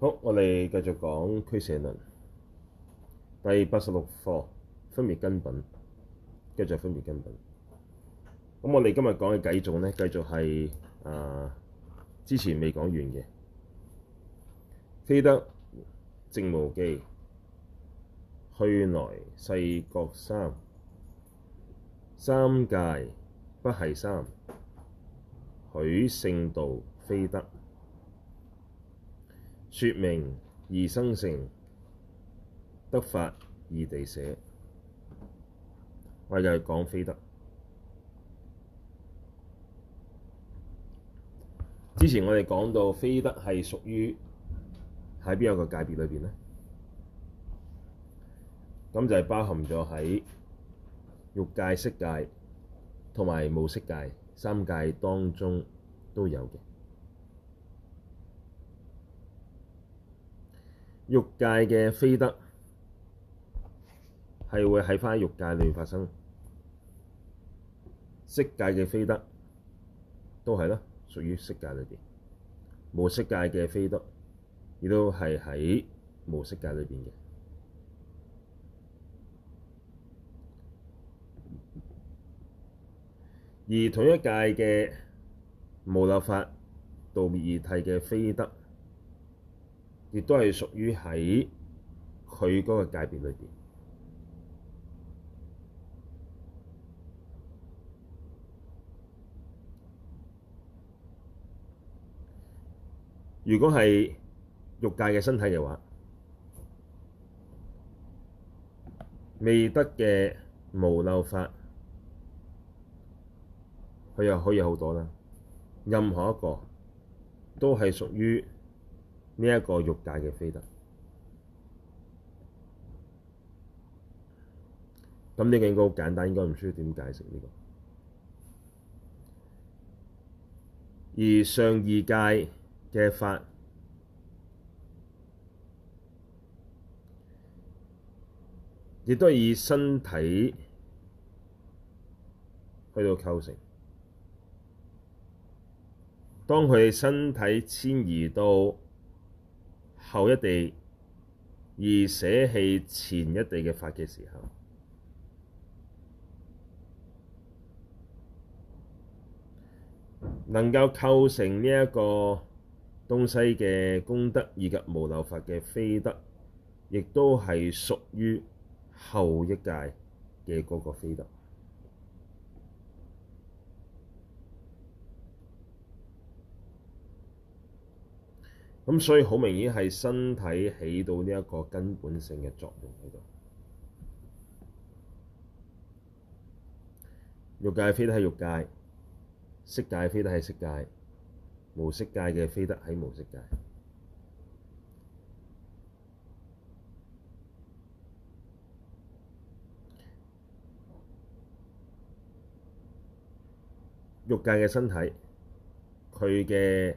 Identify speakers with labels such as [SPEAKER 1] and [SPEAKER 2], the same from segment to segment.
[SPEAKER 1] 好，我哋繼續講俱舍論第八十六課，分別根品，繼續分別根品。咁我哋今日講嘅計數咧，繼續係誒、呃、之前未講完嘅。非得淨無記，去來世各三三界不繫三，許聖道非得。說名異生性，得法易地捨，我哋又講非得。之前我哋講到非得係屬於喺邊一個界別裏邊呢？咁就係包含咗喺欲界、色界同埋無色界三界當中都有嘅。欲界嘅非得，係會喺翻喺欲界裏邊發生；色界嘅非得，都係咯，屬於色界裏邊；無色界嘅非得，亦都係喺無色界裏邊嘅。而同一界嘅無漏法道滅二諦嘅非得。亦都係屬於喺佢嗰個界別裏邊。如果係欲界嘅身體嘅話，未得嘅無漏法，佢又可以好多啦。任何一個都係屬於，呢一個欲界嘅非得，咁呢個應該好簡單，應該唔需要點解釋呢、這個。而上二界嘅法，亦都係以身體去到構成。當佢身體遷移到，後一地而捨棄前一地嘅法嘅時候，能夠構成呢一個東西嘅功德，以及無漏法嘅非德，亦都係屬於後一界嘅嗰個非德。咁所以好明顯係身體起到呢一個根本性嘅作用喺度。欲界非得係欲界，色界非得係色界，無色界嘅非得喺無色界。欲界嘅身體，佢嘅。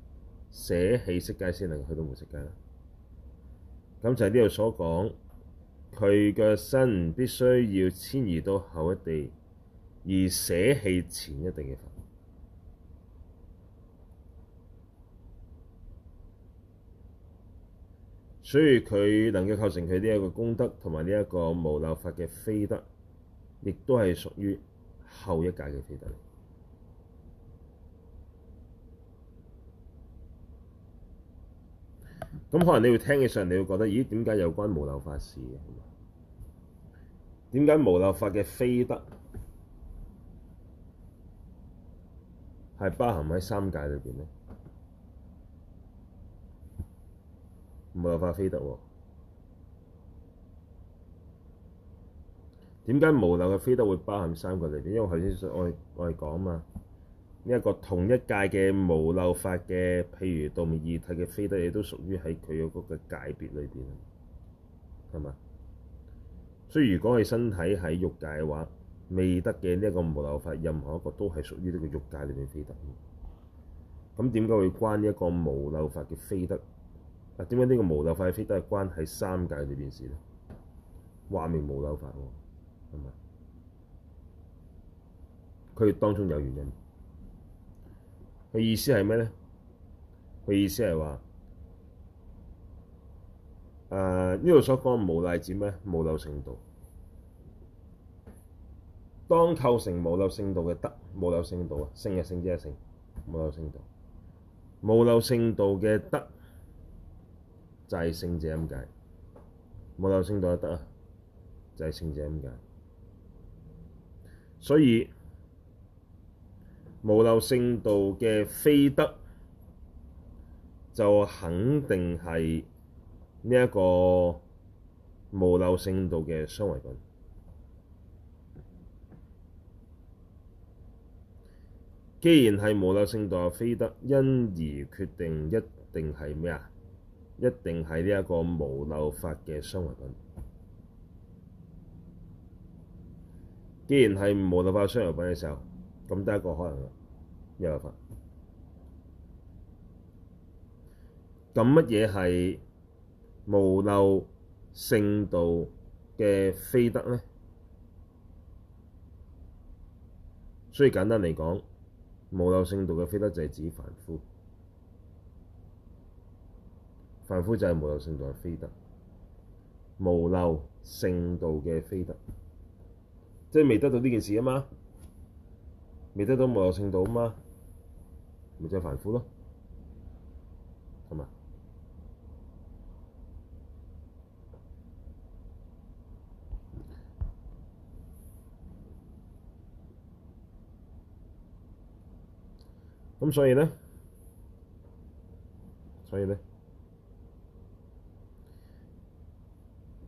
[SPEAKER 1] 捨棄色界先能夠去到無色界啦，咁就係呢度所講，佢嘅身必須要遷移到後一地，而捨棄前一地嘅法。所以佢能夠構成佢呢一個功德同埋呢一個無漏法嘅非得，亦都係屬於後一界嘅非得嚟。咁可能你會聽起上，你會覺得，咦？點解有關無漏法事嘅？點解無漏法嘅非得係包含喺三界裏邊咧？無漏法非得喎？點解無漏嘅非得會包含三界裏邊？因為頭先我我係講啊嘛。呢個同一界嘅無漏法嘅，譬如道滅二諦嘅非得屬於的的，亦都屬於喺佢嗰個界別裏邊，係嘛？所以如果係身體喺欲界嘅話，未得嘅呢一個無漏法，任何一個都係屬於呢個欲界裏邊非得嘅。咁點解會關呢一個無漏法嘅非得？點解呢個無漏法嘅非得係、啊、關喺三界裏邊事呢？話明無漏法喎、啊，係嘛？佢當中有原因。佢意思係咩咧？佢意思係話，誒呢度所講無賴展咩？無漏聖道。當構成無漏聖道嘅得，無漏聖道啊，聖啊聖，即係聖，無漏聖道。無漏聖道嘅得就係聖者咁解，無漏聖道嘅得啊，就係聖者咁解。所以。無漏聖道嘅非得，就肯定係呢一個無漏聖道嘅相違品。既然係無漏聖道嘅非得，因而決定一定係咩啊？一定係呢一個無漏法嘅相違品。既然係無漏法相違品嘅時候。咁都一個可能又有法。咁乜嘢係無漏聖道嘅非得呢？所以簡單嚟講，無漏聖道嘅非得就係指凡夫，凡夫就係無漏聖道嘅非得，無漏聖道嘅非得，即係未得到呢件事啊嘛。未得到無漏聖道啊嘛，咪即係凡夫咯，係咪？咁、嗯、所以呢？所以呢？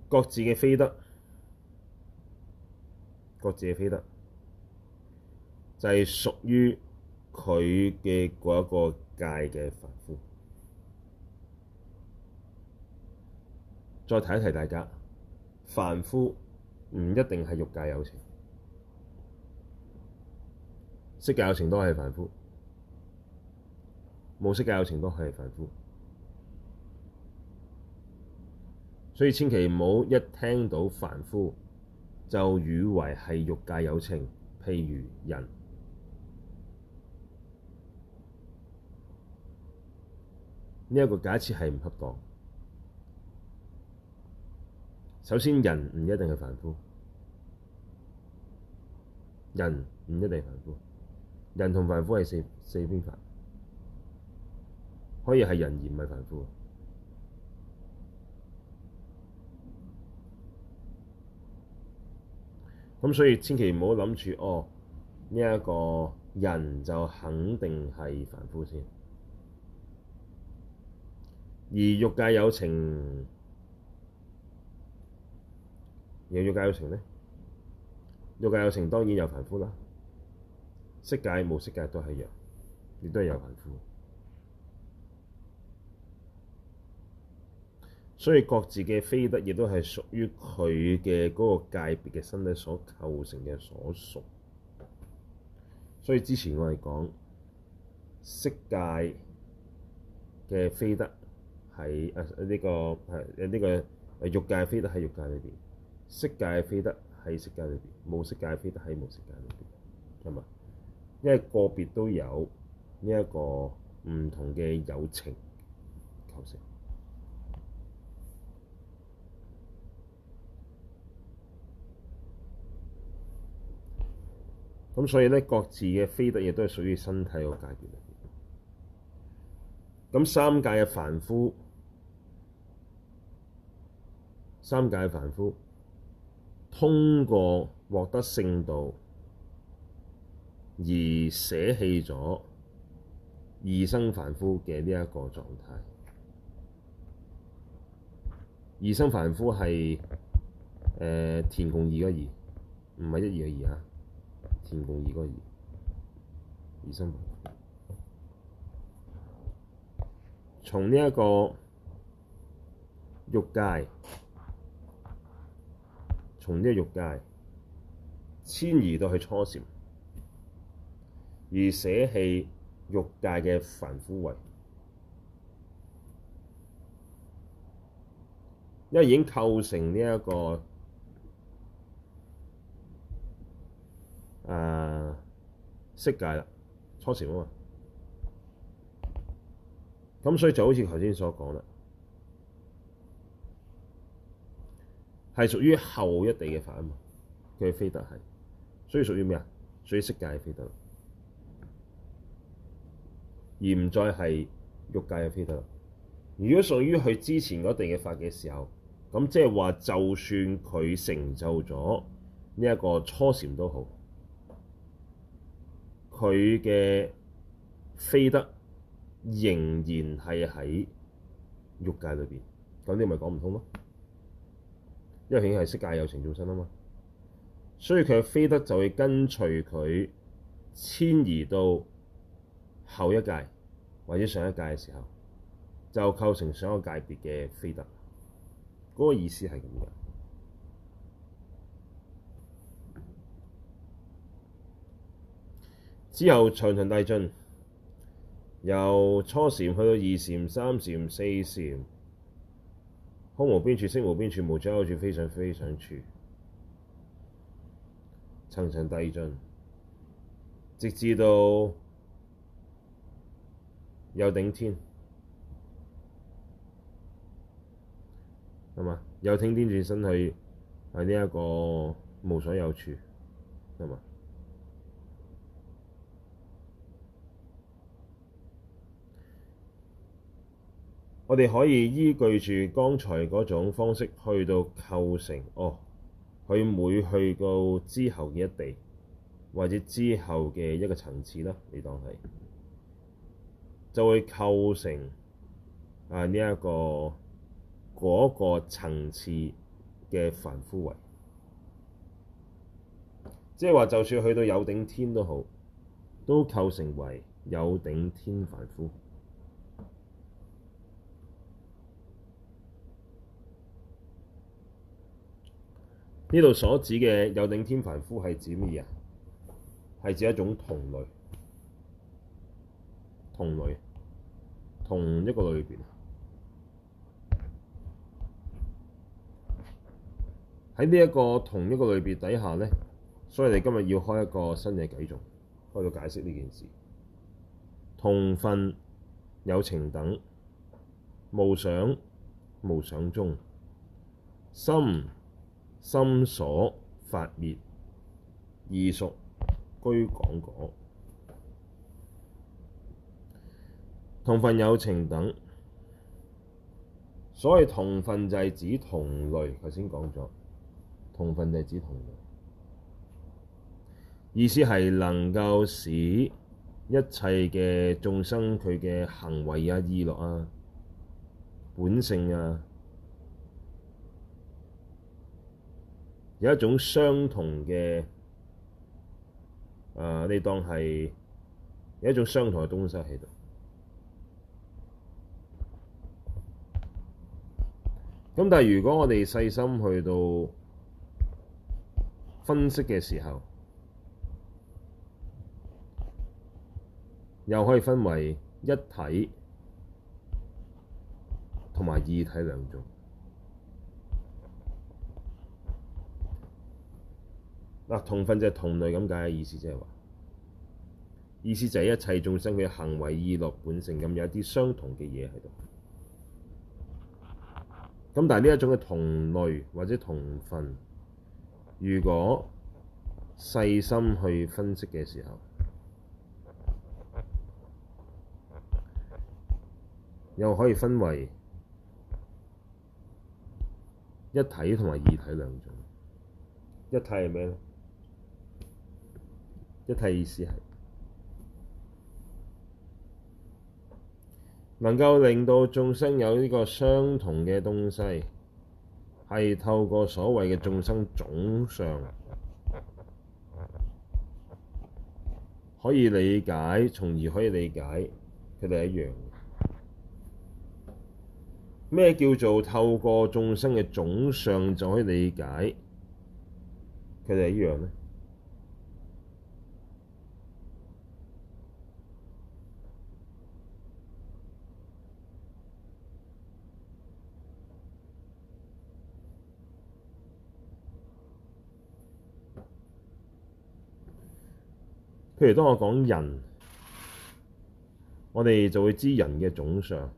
[SPEAKER 1] 各自嘅非得，各自嘅非得。就係屬於佢嘅嗰一個界嘅凡夫。再提一提大家，凡夫唔一定係欲界有情，色界有情都係凡夫，無色界有情都係凡夫。所以千祈唔好一聽到凡夫就以為係欲界有情，譬如人。呢一個假設係唔恰當。首先，人唔一定係凡夫，人唔一定凡夫，人同凡夫係四四邊法，可以係人而唔係凡夫。咁所以千祈唔好諗住哦，呢一個人就肯定係凡夫先。而欲界有情，又欲界有情呢？欲界有情當然有凡夫啦。色界、冇色界都係一樣，亦都係有凡夫。所以各自嘅非得亦都係屬於佢嘅嗰個界別嘅身體所構成嘅所屬。所以之前我哋講色界嘅非得。係，誒，呢個係，誒，呢個欲、啊、界非得喺欲界裏邊，色界非得喺色界裏邊，冇色界非得喺冇色界裏邊，係咪？因為個別都有呢一個唔同嘅有情構成，咁所以咧，各自嘅非得亦都係屬於身體個階段嚟。咁三界嘅凡夫。三界凡夫通過獲得聖道而捨棄咗異生凡夫嘅呢一個狀態。異生凡夫係誒田共二個異，唔係一二嘅二啊，田共二個異。二,二,二，異生凡夫從呢、這、一個欲界。從呢個欲界遷移到去初禪，而捨棄欲界嘅凡夫位，因為已經構成呢、這、一個誒、啊、色界啦，初禪啊嘛。咁所以就好似頭先所講啦。係屬於後一地嘅法啊嘛，佢嘅非得係，所以屬於咩啊？屬於色界嘅非得，而唔再係欲界嘅非得。如果屬於佢之前嗰地嘅法嘅時候，咁即係話，就算佢成就咗呢一個初禪都好，佢嘅非得仍然係喺欲界裏邊，咁你咪講唔通咯？因為係色界有情眾生啊嘛，所以佢嘅非得就會跟隨佢遷移到後一界或者上一界嘅時候，就構成上一界別嘅非得。嗰、那個意思係咁嘅。之後長長大進，由初禪去到二禪、三禪、四禪。空無邊處、識無邊處、無所有處、非想非非想處，層層遞進，直至到有頂天，係嘛？有頂天轉生去，係呢一個無所有處，係嘛？我哋可以依據住剛才嗰種方式去到構成哦，佢每去到之後嘅一地，或者之後嘅一個層次啦，你當係就會構成啊呢一個嗰個層次嘅凡夫位，即係話就算去到有頂天都好，都構成為有頂天凡夫。呢度所指嘅有頂天凡夫係指乜嘢？係指一種同類，同類，同一個類別。喺呢一個同一個類別底下咧，所以你今日要開一個新嘅偈頌，開到解釋呢件事。同分、有情等，無想、無想中，心。心所法滅，異熟居廣果，同分有情等。所謂同分就係指同類，頭先講咗同分就係指同類，意思係能夠使一切嘅眾生佢嘅行為啊、意樂啊、本性啊，有一種相同嘅，誒、呃，你當係有一種相同嘅東西喺度。咁但係如果我哋細心去到分析嘅時候，又可以分為一體同埋異體兩種。嗱、啊，同分就係同類咁解嘅意思，即係話，意思就係一切眾生嘅行為意樂本性咁有一啲相同嘅嘢喺度。咁但係呢一種嘅同類或者同分，如果細心去分析嘅時候，又可以分為一體同埋異體兩種。一體係咩咧？一體意思係能夠令到眾生有呢個相同嘅東西，係透過所謂嘅眾生總相可以理解，從而可以理解佢哋係一樣。咩叫做透過眾生嘅總相就可以理解佢哋係一樣咩？譬如當我講人，我哋就會知人嘅總相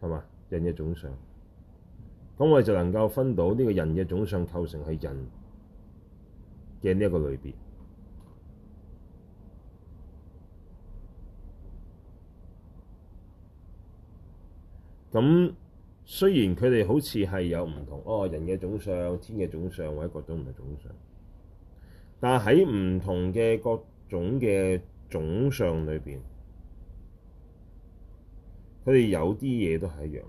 [SPEAKER 1] 係嘛？人嘅總相，咁我哋就能夠分到呢個人嘅總相構成係人嘅呢一個類別。咁雖然佢哋好似係有唔同，哦，人嘅總相、天嘅總相或者各種唔係總相。但喺唔同嘅各種嘅種相裏邊，佢哋有啲嘢都係一樣。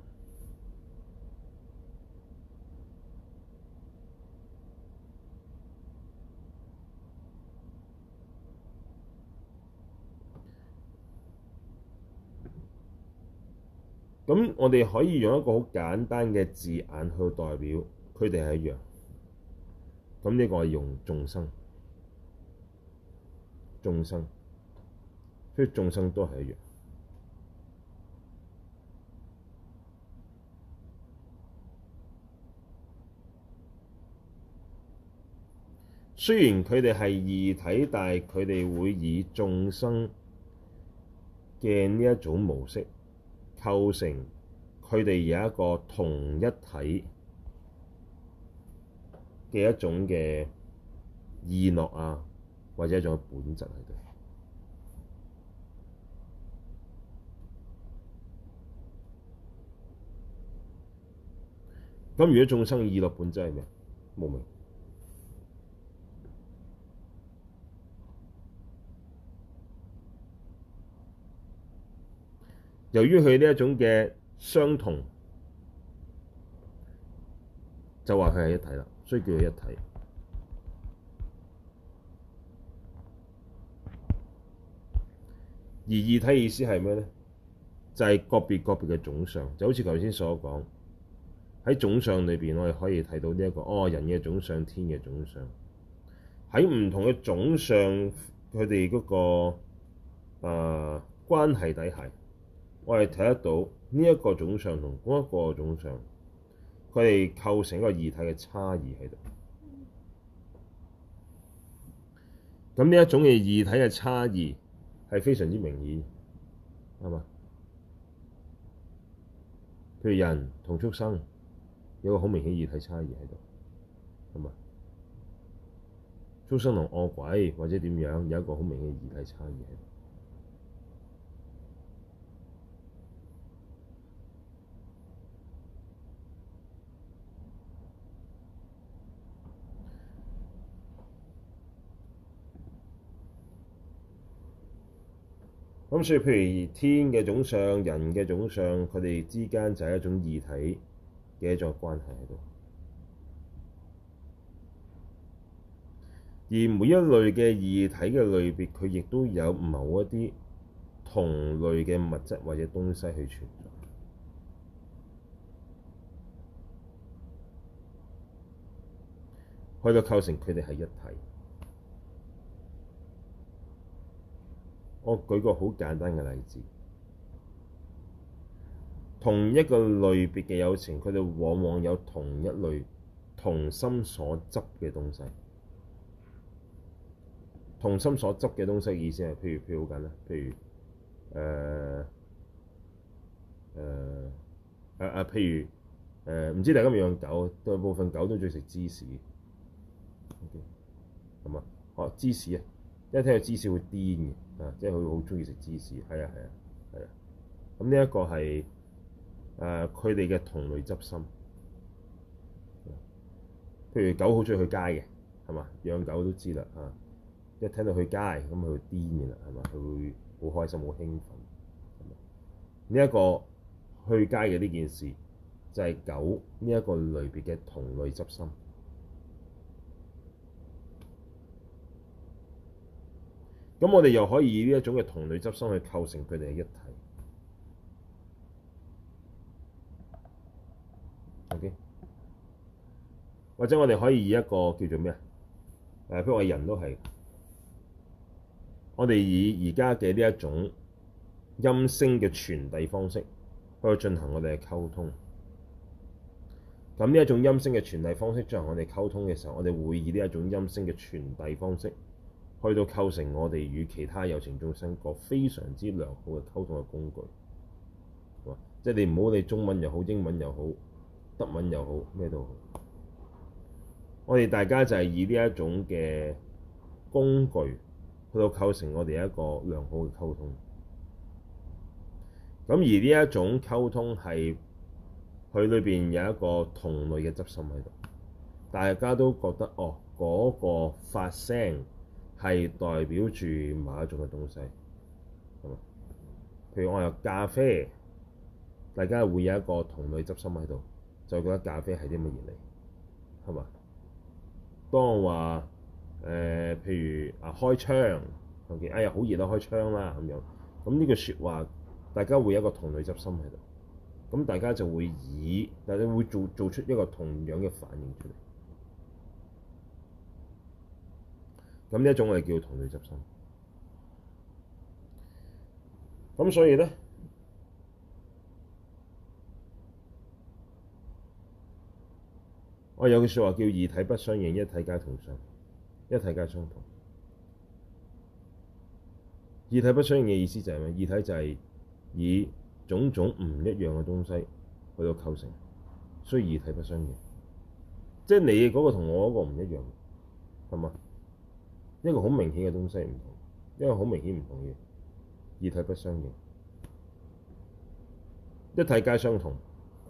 [SPEAKER 1] 咁我哋可以用一個好簡單嘅字眼去代表佢哋係一樣。咁呢個係用眾生。眾生，所以眾生都係一樣。雖然佢哋係異體，但係佢哋會以眾生嘅呢一種模式構成，佢哋有一個同一體嘅一種嘅意樂啊。或者一種本質喺度。咁如果眾生意樂本質係咩？無明。由於佢呢一種嘅相同，就話佢係一體啦，所以叫佢一體。而異體意思係咩咧？就係個別個別嘅總相，就好似頭先所講喺總相裏邊，我哋可以睇到呢、這、一個哦，人嘅總相，天嘅總相喺唔同嘅總相佢哋嗰個啊、呃、關係底下，我哋睇得到呢一個總相同嗰一個總相佢哋構成一個異體嘅差異喺度。咁呢一種嘅異體嘅差異。係非常之明顯，啱嘛？譬如人同畜生，有個好明顯異體差異喺度，啱嘛？畜生同惡鬼或者點樣，有一個好明顯異體差異喺度。咁所以，譬如天嘅總相、人嘅總相，佢哋之間就係一種異體嘅一種關係喺度。而每一類嘅異體嘅類別，佢亦都有某一啲同類嘅物質或者東西去存在，可以構成佢哋係一體。我舉個好簡單嘅例子，同一個類別嘅有情，佢哋往往有同一類同心所執嘅東西。同心所執嘅東西意思係，譬如譬如好緊啦，譬如誒誒誒誒，譬如誒，唔、呃呃呃呃呃、知大家有冇養狗？大部分狗都鍾意食芝士，OK，係嘛？嚇、啊，芝士啊！一聽到芝士會癲嘅，啊，即係佢好中意食芝士，係啊係啊係啊。咁呢一個係誒佢哋嘅同類執心。啊、譬如狗好中意去街嘅，係嘛？養狗都知啦，啊！一聽到去街，咁佢會癲嘅啦，係嘛？佢會好開心、好興奮，係嘛？呢一、呢個去街嘅呢件事，就係、係、狗呢一個類別嘅同類執心。咁我哋又可以以呢一種嘅同類執心去構成佢哋嘅一體，OK？或者我哋可以以一個叫做咩啊？誒，譬如話人都係，我哋以而家嘅呢一種音聲嘅傳遞方式去進行我哋嘅溝通。咁呢一種音聲嘅傳遞方式進行我哋溝通嘅時候，我哋會以呢一種音聲嘅傳遞方式。去到構成我哋與其他有情眾生個非常之良好嘅溝通嘅工具，嗯、即係你唔好理中文又好，英文又好，德文又好，咩都好，我哋大家就係以呢一種嘅工具去到構成我哋一個良好嘅溝通。咁而呢一種溝通係佢裏邊有一個同類嘅執心喺度，大家都覺得哦，嗰、嗰個發聲。係代表住某一種嘅東西，係嘛？譬如我有咖啡，大家會有一個同類執心喺度，就會覺得咖啡係啲乜嘢嚟，係嘛？當我話誒、呃、譬如啊開窗，見哎呀好熱啦，開窗啦咁樣，咁呢句説話，大家會有一個同類執心喺度，咁大家就會以，大家會做做出一個同樣嘅反應出嚟。咁呢一種我哋叫同類執心。咁所以咧，我有句説話叫異體不相應，一體皆同相，一體皆相同。異體不相應嘅意思就係、是、咩？異體就係以種種唔一樣嘅東西去到構成，所以異體不相應。即係你嗰個同我嗰個唔一樣，係嘛？一個好明顯嘅東西唔同，一個好明顯唔同嘅，異體不相應，一體皆相同。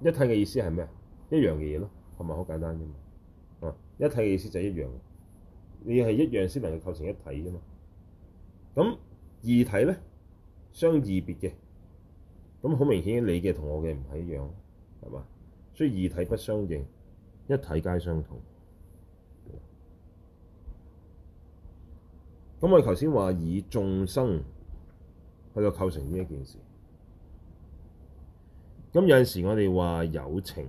[SPEAKER 1] 一體嘅意思係咩？一樣嘅嘢咯，係咪好簡單啫嘛？啊，一體嘅意思就係一樣，你係一樣先能夠構成一體啫嘛。咁異體咧，相異別嘅，咁好明顯你嘅同我嘅唔係一樣，係嘛？所以異體不相應，一體皆相同。咁我哋頭先話以眾生去到構成呢一件事。咁有陣時我哋話有情，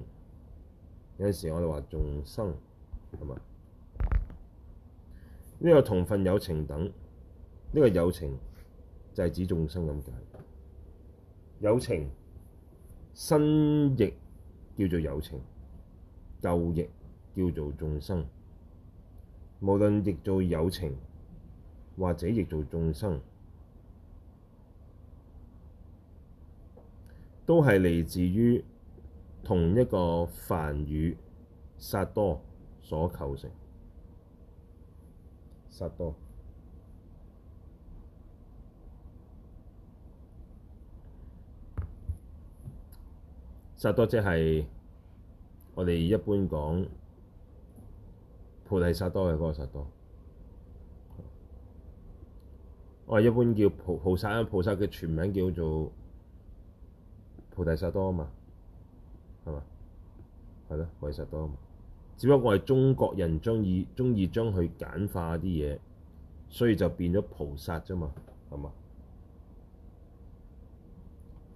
[SPEAKER 1] 有陣時我哋話眾生，係嘛？呢、這個同分有情等，呢、這個有情就係指眾生咁解。有情新譯叫做有情，舊譯叫做眾生。無論譯做有情，或者亦做眾生，都係嚟自於同一個梵語薩埵所構成。薩埵，薩埵即係我哋一般講菩提薩埵嘅嗰個薩埵。我一般叫菩菩薩，菩薩嘅全名叫做菩提薩多啊嘛，係嘛，係咯，菩提薩多啊嘛。只不過我係中國人，中意中意將佢簡化啲嘢，所以就變咗菩薩啫嘛，係嘛。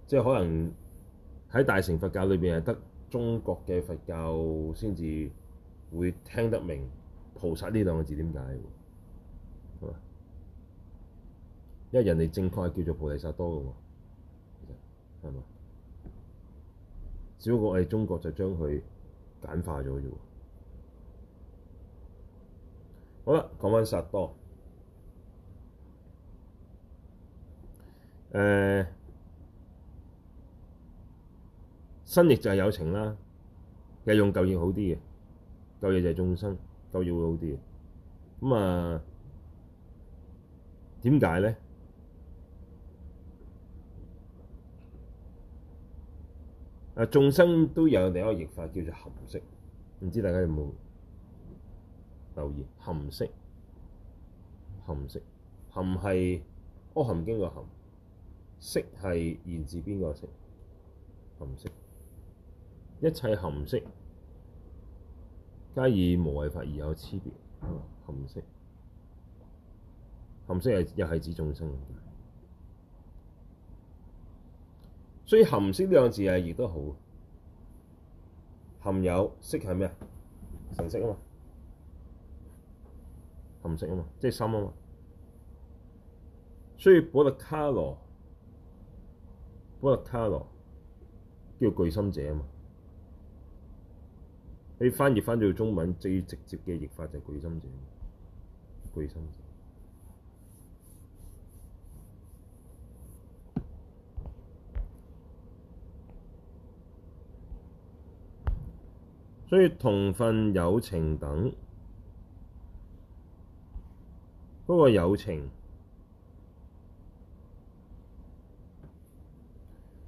[SPEAKER 1] 即係可能喺大乘佛教裏邊係得中國嘅佛教先至會聽得明菩薩呢兩個字點解。因為人哋正確係叫做菩提薩埵嘅喎，其實係嘛？只不過我哋中國就將佢簡化咗啫喎。好啦，講返薩埵，誒、呃，新譯就係有情啦，又用舊譯好啲嘅，舊譯就係眾生，舊譯會好啲嘅。咁啊，點解咧？啊！眾生都有另一個譯法叫做含識，唔知大家有冇留意？含識、含識、含係《阿含經》個含，識係源自邊個識？含識，一切含識皆以無為法而有差別。含識，含識又係指眾生。所以含識呢兩個字啊，亦都好。含有識係咩啊？神識啊嘛，含識啊嘛，即係心啊嘛。所以保羅卡羅，保羅卡羅叫具心者啊嘛。你翻譯翻做中文最直接嘅譯法就係具心者，具心者。所以同分有情等，不過有情，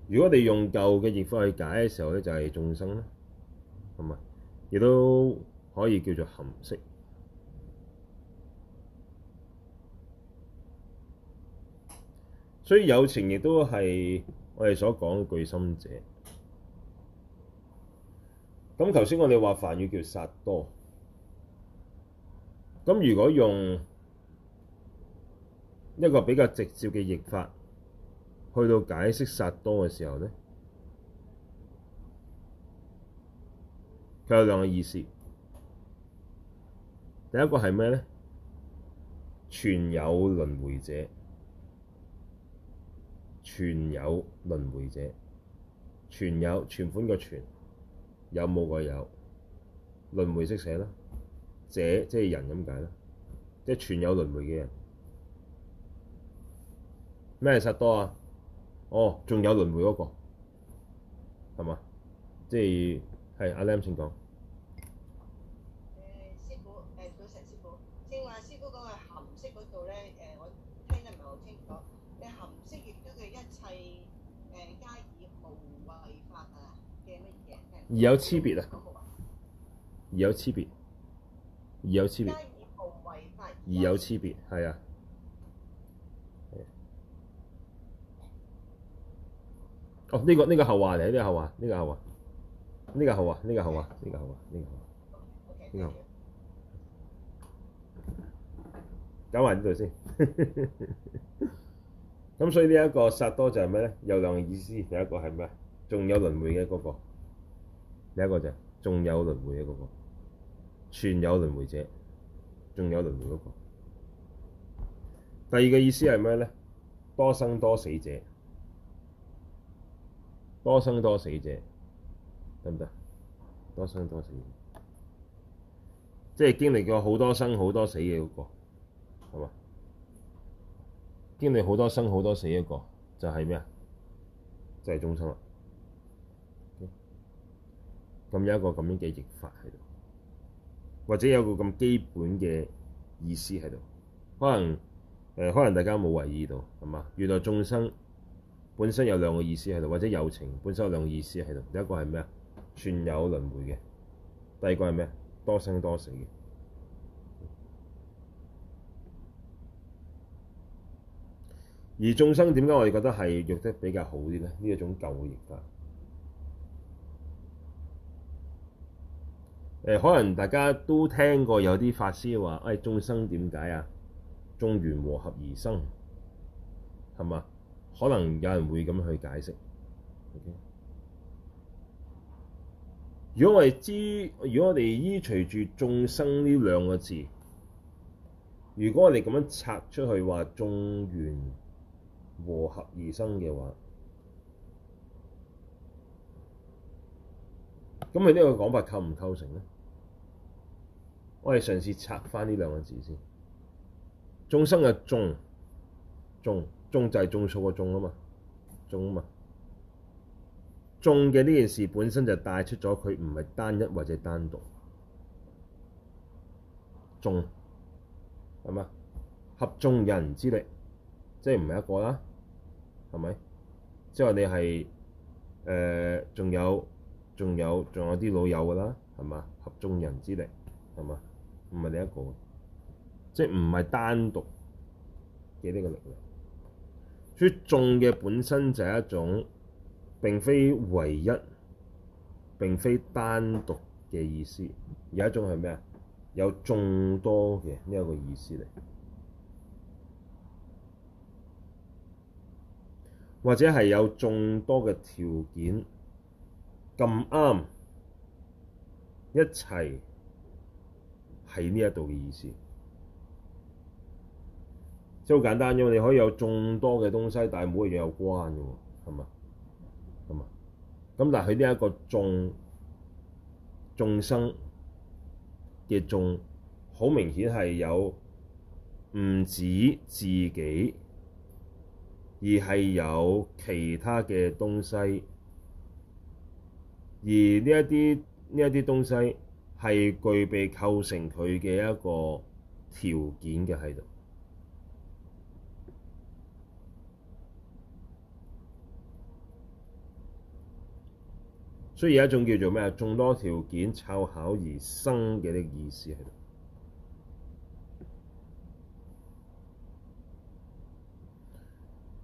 [SPEAKER 1] 如果你用舊嘅譯法去解嘅時候咧，就係、是、眾生啦，同埋亦都可以叫做含識。所以有情亦都係我哋所講嘅具心者。咁頭先我哋話梵語叫薩埵，咁如果用一個比較直接嘅譯法，去到解釋薩埵嘅時候呢，佢有兩個意思。第一個係咩呢？「存有輪迴者」，存有輪迴者」，存有存款嘅存。有冇個有，有，輪迴識寫啦，者即係人咁解啦，即係存有輪迴嘅人，咩係薩埵啊？哦，仲有輪迴嗰個，係嘛？即係係阿 lem 先講。而有差別啊！而有差別，而有差別，而有差別，係啊。哦，呢個呢個後話嚟，呢啲後話，呢個後話，呢個後話，呢個後話，呢個後話，呢個。搞埋呢度先。咁所以呢一個薩埵就係咩咧？有兩個意思，有一個係咩？仲有輪迴嘅嗰個。第一個就係、是、仲有輪迴嘅嗰個，存有輪迴者，仲有輪迴嗰個。第二個意思係咩咧？多生多死者，多生多死者，得唔得？多生多死者，即係經歷過好多生好多死嘅嗰、那個，係嘛？經歷好多生好多死一個，就係咩啊？就係、是、眾生啦。咁、嗯、有一個咁樣嘅譯法喺度，或者有個咁基本嘅意思喺度，可能誒、呃，可能大家冇圍意到，係嘛？原來眾生本身有兩個意思喺度，或者有情本身有兩個意思喺度，第一個係咩啊？存有輪迴嘅，第二個係咩？多生多死嘅、嗯。而眾生點解我哋覺得係譯得比較好啲咧？呢一種舊嘅譯法。誒可能大家都聽過有啲法師話：誒、哎、眾生點解啊？眾緣和合而生，係嘛？可能有人會咁去解釋。如果我哋知，如果我哋依隨住眾生呢兩個字，如果我哋咁樣拆出去話，眾緣和合而生嘅話，咁你呢個講法構唔構成呢？我哋嘗試拆翻呢兩個字先。眾生嘅眾，眾眾就係眾數個眾啊嘛，眾啊嘛，眾嘅呢件事本身就帶出咗佢唔係單一或者單獨眾，係嘛？合眾人之力，即係唔係一個啦，係咪？即係話你係誒，仲有。呃仲有仲有啲老友㗎啦，係嘛？合眾人之力，係嘛？唔係你一個，即係唔係單獨嘅呢個力量。所以眾嘅本身就係一種並非唯一、並非單獨嘅意思，有一種係咩啊？有眾多嘅呢一個意思嚟，或者係有眾多嘅條件。咁啱，一齊喺呢一度嘅意思，即係好簡單啫。你可以有眾多嘅東西，但係每個嘢有關嘅喎，係咪？係咪？咁但係呢一個眾眾生嘅眾，好明顯係有唔止自己，而係有其他嘅東西。而呢一啲呢一啲東西係具備構成佢嘅一個條件嘅喺度，所以有一種叫做咩啊眾多條件湊巧而生嘅呢意思喺度，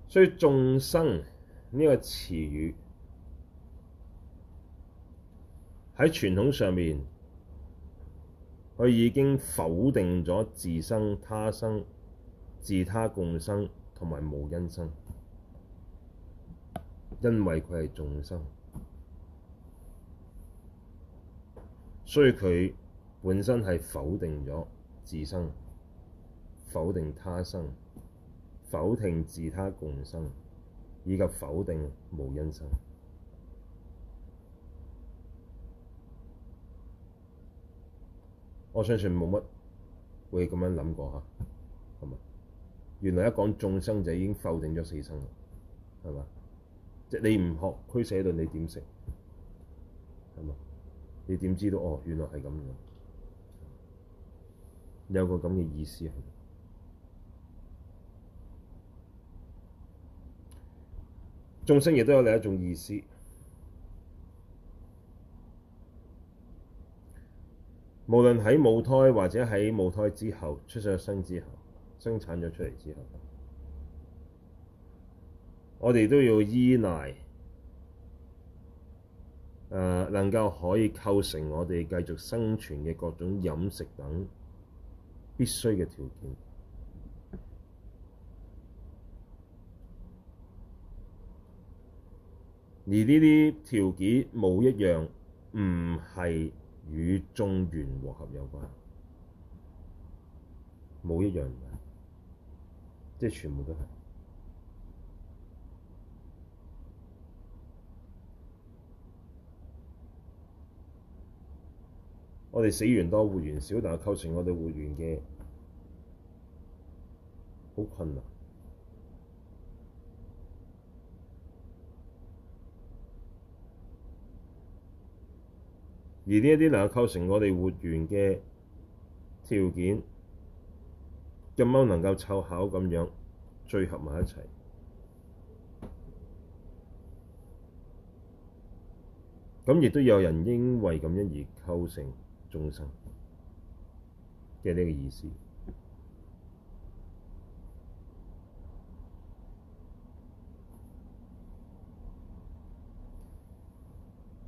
[SPEAKER 1] 所以眾生呢個詞語，喺傳統上面，佢已經否定咗自生、他生、自他共生同埋無因生，因為佢係眾生，所以佢本身係否定咗自生、否定他生、否定自他共生，以及否定無因生。我相信冇乜會咁樣諗過吓，係嘛？原來一講眾生就已經否定咗四生啦，係嘛？即、就是、你唔學俱舍論，你點食？係嘛？你點知道哦？原來係咁樣，有個咁嘅意思。眾生亦都有另一種意思。無論喺母胎或者喺母胎之後出咗生之後生產咗出嚟之後，我哋都要依賴誒、呃、能夠可以構成我哋繼續生存嘅各種飲食等必須嘅條件，而呢啲條件冇一樣唔係，與眾緣和合有關，冇一樣唔係，即係全部都係。我哋死員多，活員少，但係構成我哋活員嘅好困難。而呢啲能夠構成我哋活源嘅條件，咁樣能夠湊巧咁樣聚合埋一齊，咁亦都有人因為咁樣而構成眾生，嘅呢個意思。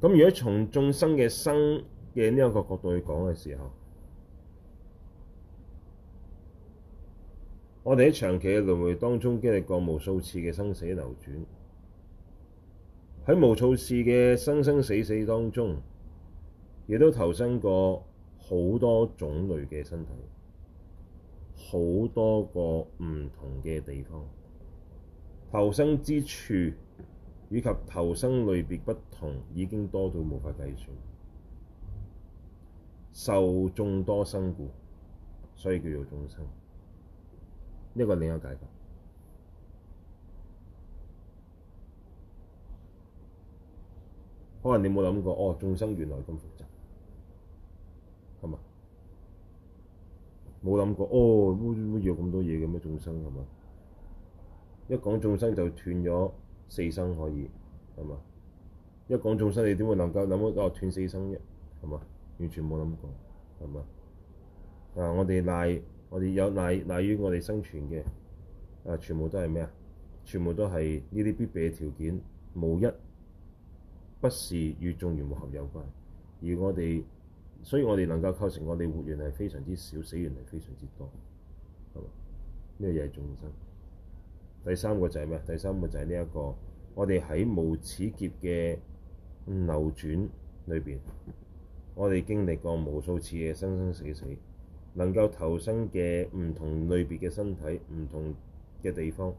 [SPEAKER 1] 咁如果從眾生嘅生嘅呢個角度去講嘅時候，我哋喺長期嘅輪迴當中，經歷過無數次嘅生死流轉，喺無數次嘅生生死死當中，亦都投生過好多種類嘅身體，好多個唔同嘅地方，投生之處。以及投生類別不同，已經多到無法計算，受眾多生故，所以叫做眾生。呢個另一個解法，可能你冇諗過哦，眾生原來咁複雜，係嘛？冇諗過哦，烏烏有咁多嘢嘅咩眾生，係嘛？一講眾生就斷咗。四生可以係嘛？一講眾生，你點會能夠諗到哦斷四生啫？係嘛？完全冇諗過係嘛？嗱、啊，我哋賴我哋有賴賴於我哋生存嘅啊，全部都係咩啊？全部都係呢啲必備嘅條件，無一不是與眾緣和合有關。而我哋，所以我哋能夠構成我哋活緣係非常之少，死緣係非常之多，係嘛？咩嘢係眾生？第三個就係咩？第三個就係呢一個，我哋喺無始劫嘅流轉裏邊，我哋經歷過無數次嘅生生死死，能夠投生嘅唔同類別嘅身體、唔同嘅地方，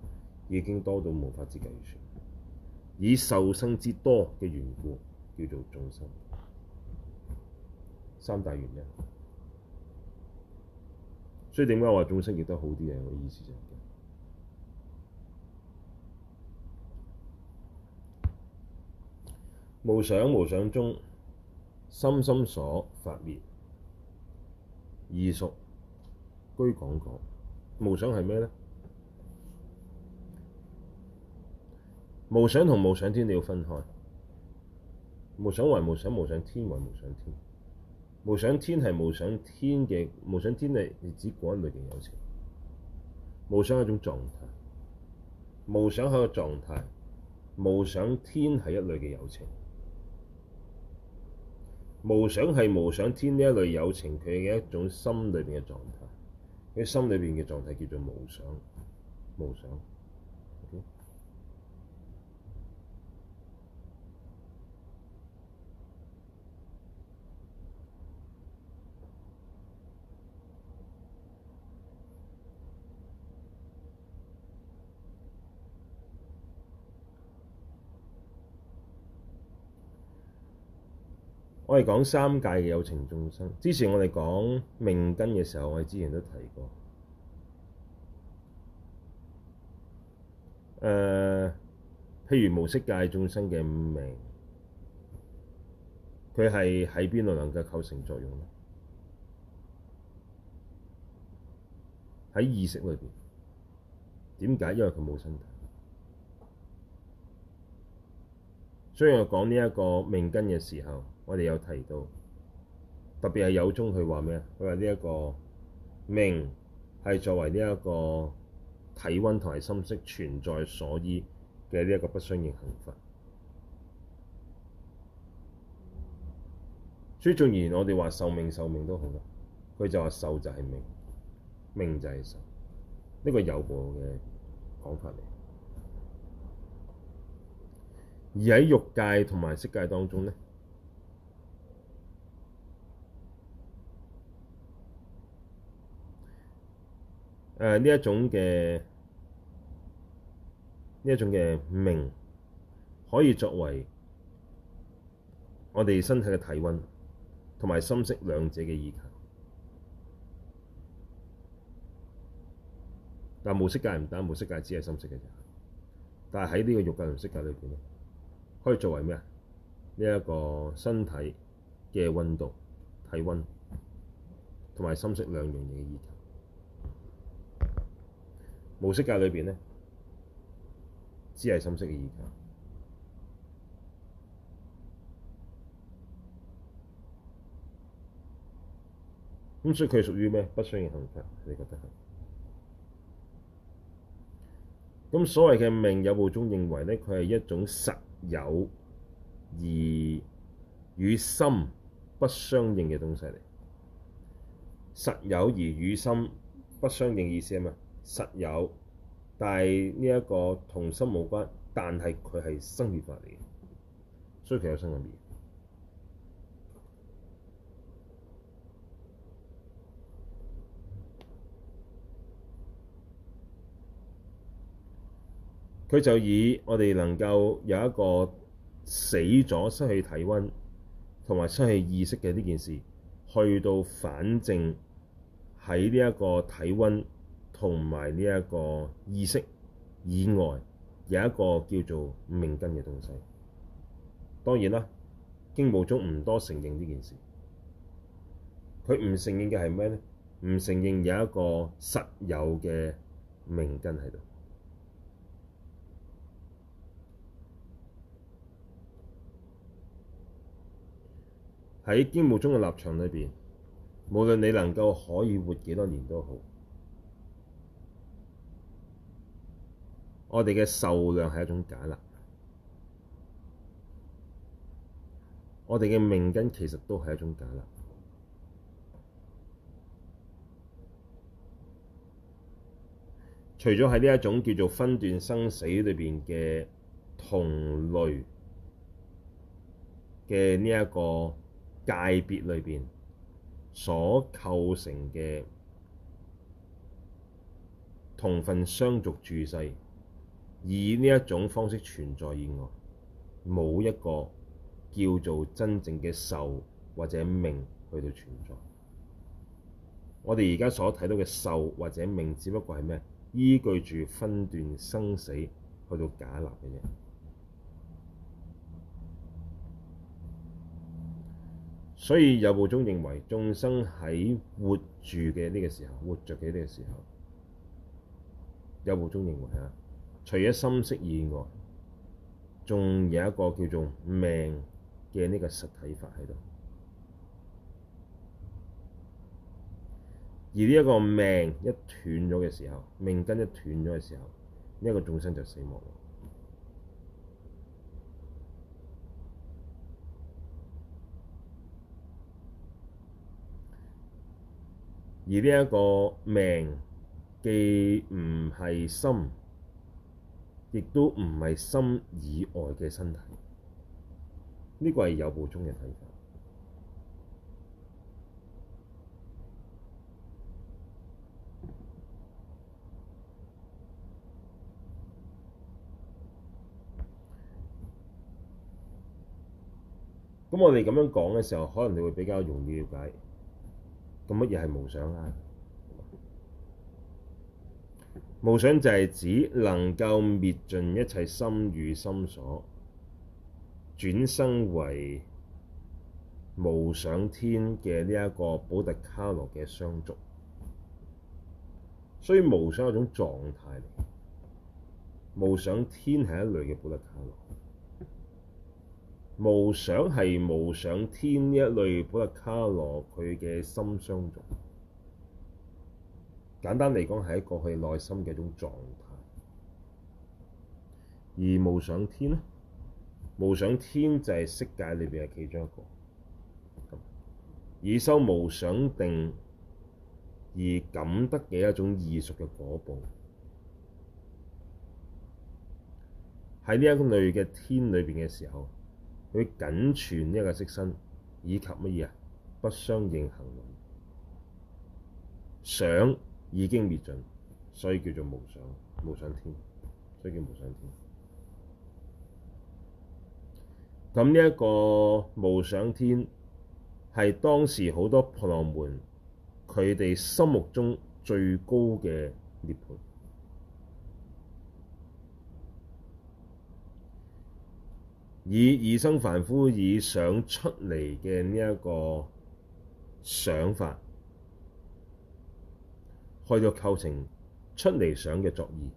[SPEAKER 1] 已經多到無法之計算。以受生之多嘅緣故，叫做眾生。三大原因，所以點解我話眾生亦都好啲嘅？我意思就係無想無想中，心心所法滅，異熟居廣果。無想係咩呢？無想同無想天你要分開。無想為無想，無想天為無想天。無想天係無想天嘅，無想天係，你只管一類嘅有情。無想係一種狀態，無想係個狀態，無想天係一類嘅有情。無想係無想天呢一類有情，佢嘅一種心裏邊嘅狀態，佢心裏邊嘅狀態叫做無想，無想。我哋講三界嘅有情眾生。之前我哋講命根嘅時候，我哋之前都提過。誒、呃，譬如無色界眾生嘅命，佢係喺邊度能夠構成作用咧？喺意識裏邊。點解？因為佢冇身體。所以我講呢一個命根嘅時候。我哋有提到，特別係有部宗佢話咩？佢話呢一個命係作為呢一個體温同埋心識存在所依嘅呢一個不相應行法。所以，縱 然我哋話壽命壽命都好啦，佢就話壽就係命，命就係壽，呢、這個有部嘅講法嚟。而喺欲界同埋色界當中咧。誒呢、呃、一種嘅呢一種嘅命可以作為我哋身體嘅體温同埋心識兩者嘅依靠。但無色界唔單無色界，只係心識嘅啫。但係喺呢個欲界同色界裏邊咧，可以作為咩？呢、這、一個身體嘅温度、體温同埋心識兩樣嘢嘅依靠。無色界裏邊呢，只係心識嘅意思。咁所以佢係屬於咩不相應行法？你覺得係？咁所謂嘅命有部宗認為呢，佢係一種實有而與心不相應嘅東西嚟。實有而與心不相應，意思係咩？實有，但係呢一個同心無關。但係佢係生滅法嚟嘅，所以佢有生有滅。佢就以我哋能夠有一個死咗、失去體温同埋失去意識嘅呢件事，去到反證喺呢一個體温。同埋呢一個意識以外，有一個叫做命根嘅東西。當然啦，經部宗唔多承認呢件事。佢唔承認嘅係咩呢？唔承認有一個實有嘅命根喺度。喺經部宗嘅立場裏邊，無論你能夠可以活幾多年都好。我哋嘅壽量係一種假立，我哋嘅命根其實都係一種假立。除咗喺呢一種叫做分段生死裏邊嘅同類嘅呢一個界別裏邊所構成嘅同分相續住世，以呢一種方式存在以外，冇一個叫做真正嘅壽或者命去到存在。我哋而家所睇到嘅壽或者命，只不過係咩？依據住分段生死去到假立嘅啫。所以有部宗認為，眾生喺活住嘅呢個時候，活着嘅呢個時候，有部宗認為啊。除咗心識以外，仲有一個叫做命嘅呢個實體法喺度。而呢一個命一斷咗嘅時候，命根一斷咗嘅時候，呢一個眾生就死亡。而呢一個命既唔係心，亦都唔係心以外嘅身體，呢個係有部宗嘅睇法。咁 我哋咁樣講嘅時候，可能你會比較容易了解。咁乜嘢係無想啊？無想就係指能夠滅盡一切心與心所，轉生為無想天嘅呢一個補特伽羅嘅相續。所以無想係一種狀態嚟，無想天係一類嘅補特伽羅，無想係無想天呢一類補特伽羅佢嘅心相續。簡單嚟講，係一個佢內心嘅一種狀態，而無想天咧，無想天就係色界裏邊嘅其中一個，以修無想定而感得嘅一種異熟嘅果報。喺呢一類嘅天裏邊嘅時候，佢僅存呢一個色身，以及乜嘢啊？不相應行蘊。已經滅盡，所以叫做無想、無想天，所以叫無想天。咁呢一個無想天係當時好多婆羅門佢哋心目中最高嘅涅槃，以異生凡夫以想出嚟嘅呢一個想法。開咗構成出嚟想嘅作意，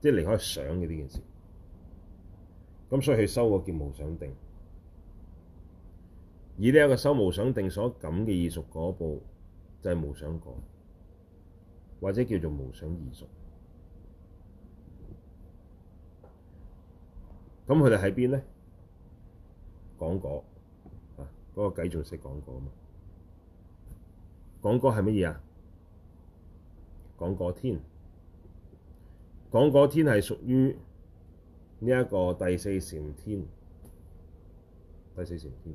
[SPEAKER 1] 即係離開想嘅呢件事。咁所以佢修個叫無想定，而呢一個修無想定所感嘅異熟果報，就係、是、無想果，或者叫做無想異熟。咁佢哋喺邊呢？廣果啊，嗰、那個雞仲識講果啊嘛？廣果係乜嘢啊？廣果天，廣果天係屬於呢一個第四禪天，第四禪天。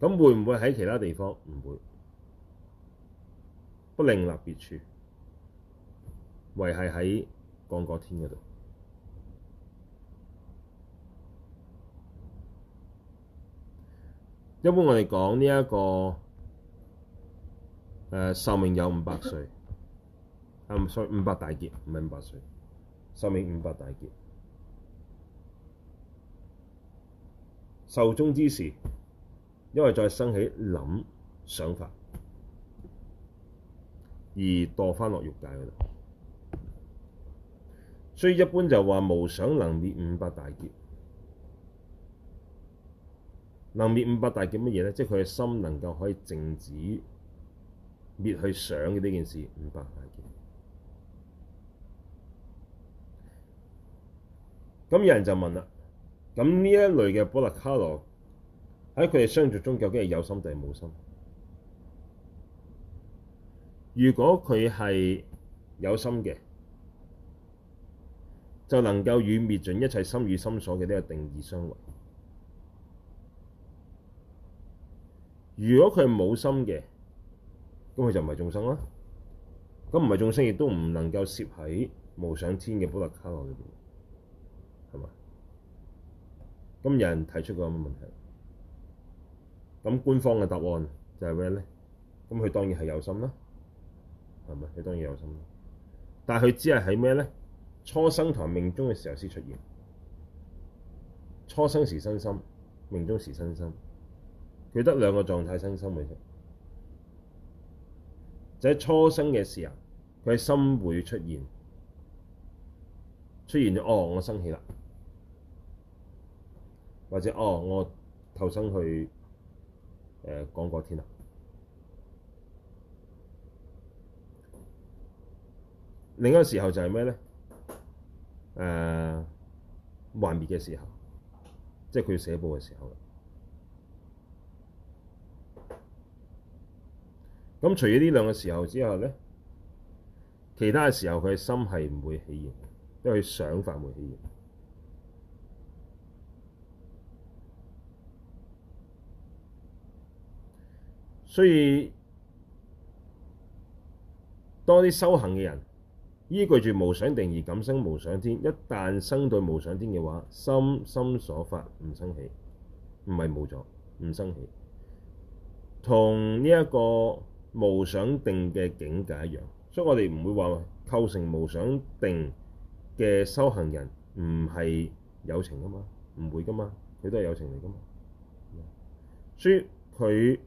[SPEAKER 1] 咁會唔會喺其他地方？唔會，不另立別處，唯係喺廣果天嗰度。一般我哋講呢、這、一個誒、呃、壽命有五百歲。壽五百大劫，唔係五百歲，壽命五百大劫，壽終之時，因為再生起諗想法而墮翻落欲界嗰度，所以一般就話無想能滅五百大劫，能滅五百大劫乜嘢呢？即係佢嘅心能夠可以靜止滅去想嘅呢件事，五百大劫。咁有人就問啦，咁呢一類嘅補特伽羅喺佢哋相續中究竟係有心定係冇心？如果佢係有心嘅，就能夠與滅盡一切心與心所嘅呢個定義相違；如果佢係冇心嘅，咁佢就唔係眾生啦。咁唔係眾生，亦都唔能夠攝喺無想天嘅補特伽羅裏邊。今日有人提出過個咁嘅問題，咁官方嘅答案就係咩咧？咁佢當然係有心啦，係咪？佢當然有心，但係佢只係喺咩咧？初生同命中嘅時候先出現，初生時身心，命中時身心，佢得兩個狀態身心嘅啫。就喺初生嘅時候，佢喺心會出現，出現咗哦，我生氣啦。或者哦，我投生去誒、呃、廣果天啊！另一個時候就係咩咧？誒、呃、幻滅嘅時候，即係佢捨報嘅時候啦。咁除咗呢兩個時候之後咧，其他嘅時候佢嘅心係唔會起現，因為佢想法冇起現。所以，當啲修行嘅人依據住無想定而感生無想天。一旦生到無想天嘅話，心心所法唔生起，唔係冇咗，唔生起，同呢一個無想定嘅境界一樣。所以我哋唔會話構成無想定嘅修行人唔係有情噶嘛，唔會噶嘛，佢都係有情嚟噶嘛。所以佢。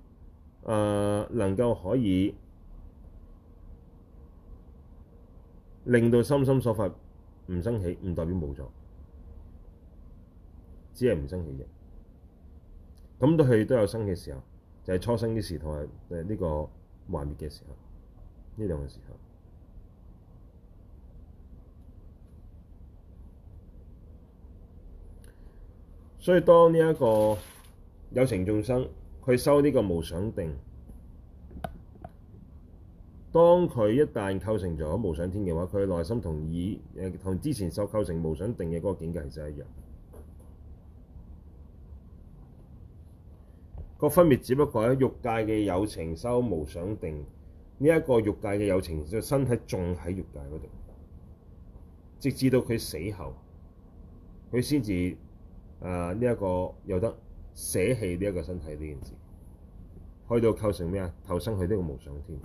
[SPEAKER 1] 誒、呃、能夠可以令到心心所法唔生起，唔代表冇咗，只係唔生起啫。咁都係都有生嘅時候，就係、是、初生嘅時同埋呢個壞滅嘅時候，呢兩個時候。所以當呢一個有情眾生。佢修呢個無想定，當佢一旦構成咗無想天嘅話，佢內心同耳，同之前修構成無想定嘅嗰個境界其實一樣，個分別只不過喺欲界嘅有情修無想定，呢一個欲界嘅有情嘅身體仲喺欲界嗰度，直至到佢死後，佢先至誒呢一個有得。捨棄呢一個身體呢件事，去到構成咩啊？投生去呢個無想天。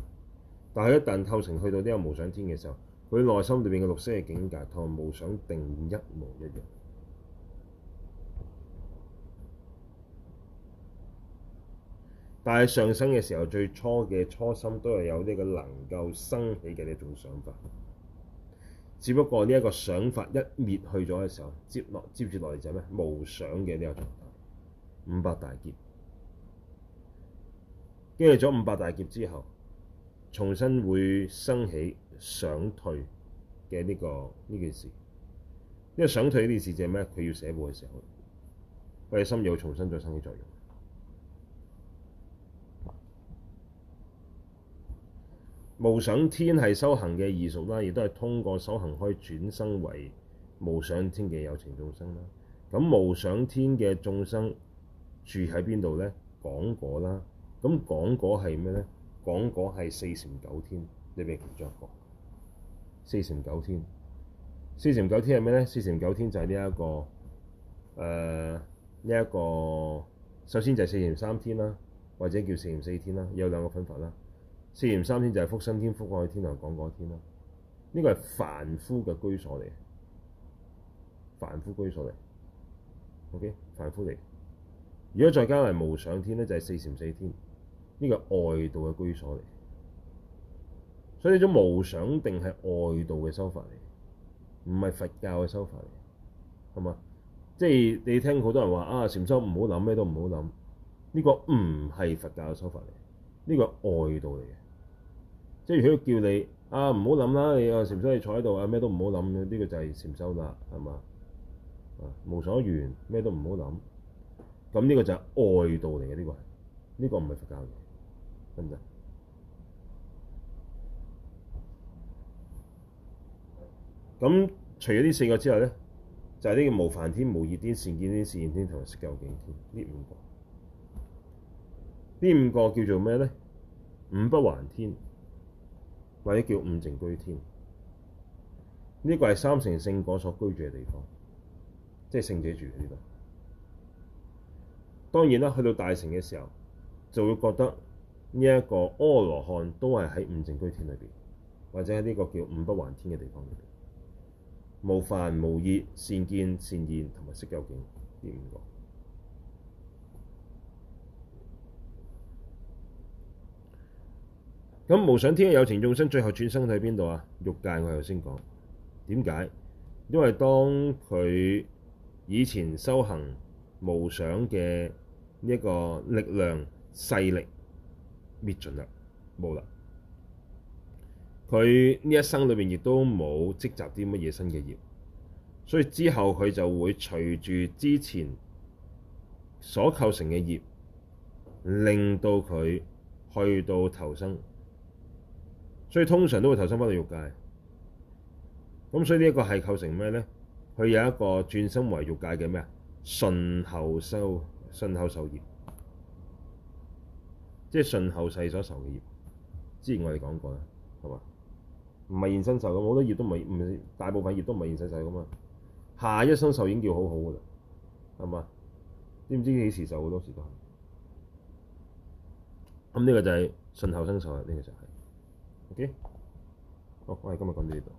[SPEAKER 1] 但係一旦透成去到呢個無想天嘅時候，佢內心裏邊嘅六識嘅境界同無想定一模一樣。但係上生嘅時候，最初嘅初心都係有呢個能夠生起嘅呢種想法。只不過呢一個想法一滅去咗嘅時候，接落接住落嚟就咩無想嘅呢種。五百大劫，經歷咗五百大劫之後，重新會生起想退嘅呢、這個呢件事。因為想退呢件事就係咩？佢要捨報嘅時候，佢嘅心又重新再生起作用。無想天係修行嘅異熟啦，亦都係通過修行可以轉生為無想天嘅有情眾生啦。咁無想天嘅眾生。住喺邊度咧？講過啦。咁講過係咩咧？講過係四禪九天，你未見著過？四禪九天，四禪九天係咩咧？四禪九天就係呢一個誒呢一個。首先就係四禪三天啦，或者叫四禪四天啦，有兩個分法啦。四禪三天就係福生天、福愛天、天堂廣果天啦。呢個係凡夫嘅居所嚟，凡夫居所嚟。O、okay? K，凡夫嚟。如果再加埋無想天咧，就係、是、四禪四天，呢個係外道嘅居所嚟。所以呢種無想定係外道嘅修法嚟，唔係佛教嘅修法嚟，係嘛？即係你聽好多人話啊，禪修唔好諗，咩都唔好諗。呢、這個唔係佛教嘅修法嚟，呢、這個係外道嚟嘅。即係如果叫你啊唔好諗啦，你啊禪修你坐喺度啊咩都唔好諗，呢、這個就係禪修啦，係嘛？啊無所緣，咩都唔好諗。咁呢個就係外道嚟嘅，呢、這個呢個唔係佛教嚟，得唔得？咁除咗呢四個之外咧，就係呢個無煩天、無熱天、善見天、善現天同埋色究竟天，呢五個。呢五個叫做咩咧？五不還天，或者叫五淨居天。呢、這個係三乘聖果所居住嘅地方，即、就、係、是、聖者住喺呢度。當然啦，去到大城嘅時候，就會覺得呢一個阿羅，羅漢都係喺五淨居天裏邊，或者喺呢個叫五不還天嘅地方裏邊，無煩無熱、善見善現，同埋色究竟呢五個。咁無想天有情眾生最後轉生去邊度啊？欲界我，我頭先講點解？因為當佢以前修行。無想嘅呢一個力量勢力滅盡啦，冇啦。佢呢一生裏面亦都冇積集啲乜嘢新嘅業，所以之後佢就會隨住之前所構成嘅業，令到佢去到投生，所以通常都會投生翻到欲界。咁所以呢一個係構成咩咧？佢有一個轉生為欲界嘅咩啊？順後受，順後受業，即係順後世所受嘅業。之前我哋講過啦，係嘛？唔係現生受，咁，好多業都唔係唔，大部分業都唔係現世世㗎嘛。下一生受已經叫好好噶啦，係嘛？知唔知幾時受好多時都係。咁呢個就係順後生受啊！呢、呢個就係、係。O.K. 好、哦，我哋今日講到呢度。